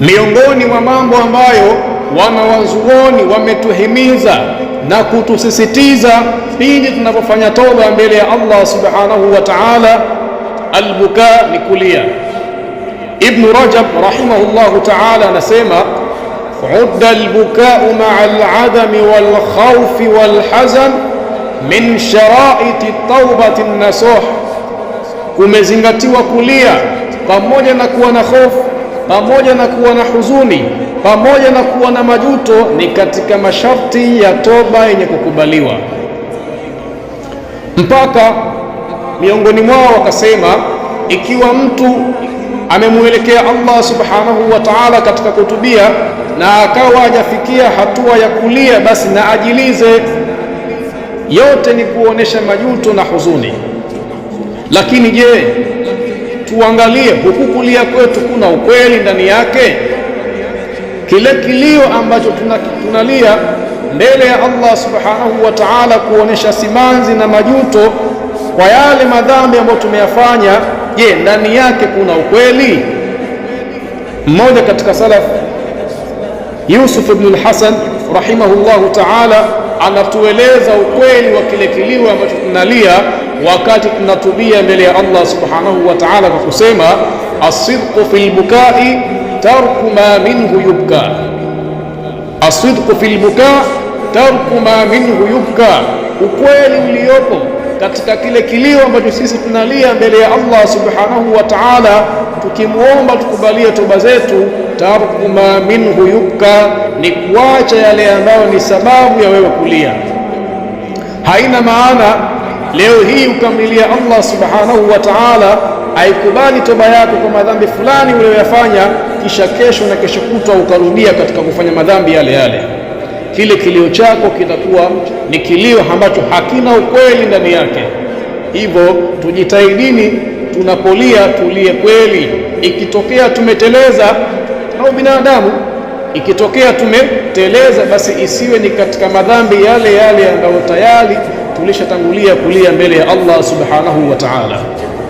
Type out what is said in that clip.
Miongoni mwa mambo ambayo wanawazuoni wametuhimiza na kutusisitiza pindi tunapofanya toba mbele ya Allah subhanahu wa ta'ala, albuka ni kulia. Ibnu Rajab rahimahullahu ta'ala anasema udda albukau maa aladami walkhaufi walhazan min sharaiti taubati nasuh, kumezingatiwa kulia pamoja na kuwa na hofu pamoja na kuwa na huzuni, pamoja na kuwa na majuto, ni katika masharti ya toba yenye kukubaliwa. Mpaka miongoni mwao wakasema, ikiwa mtu amemwelekea Allah subhanahu wa ta'ala katika kutubia na akawa hajafikia hatua ya kulia, basi na ajilize. Yote ni kuonesha majuto na huzuni. Lakini je, tuangalie huku kulia kwetu kuna ukweli ndani yake. Kile kilio ambacho tunalia mbele ya Allah subhanahu wa ta'ala, kuonesha simanzi na majuto kwa yale madhambi ambayo tumeyafanya, je, ndani yake kuna ukweli? Mmoja katika salaf Yusuf ibn al-Hasan rahimahullahu ta'ala anatueleza ukweli wa kile kilio ambacho tunalia wakati tunatubia mbele ya Allah subhanahu wa ta'ala, kwa kusema asidqu fil bukai tarku ma minhu yubka, asidqu fil buka tarku ma minhu yubka, ukweli uliopo katika kile kilio ambacho sisi tunalia mbele ya Allah subhanahu wa ta'ala, tukimwomba tukubalie toba zetu. Tarku ma minhu yubka, ni kuacha yale ambayo ni sababu ya wewe kulia, haina maana Leo hii ukamlilia Allah subhanahu wa ta'ala, aikubali toba yako kwa madhambi fulani uliyoyafanya, kisha kesho na kesho kutwa ukarudia katika kufanya madhambi yale yale, kile kilio chako kitakuwa ni kilio ambacho hakina ukweli ndani yake. Hivyo tujitahidini, tunapolia tulie kweli. Ikitokea tumeteleza au binadamu ikitokea tumeteleza, basi isiwe ni katika madhambi yale yale ambayo tayari tulishatangulia kulia mbele ya Allah subhanahu wa ta'ala.